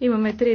Имаме три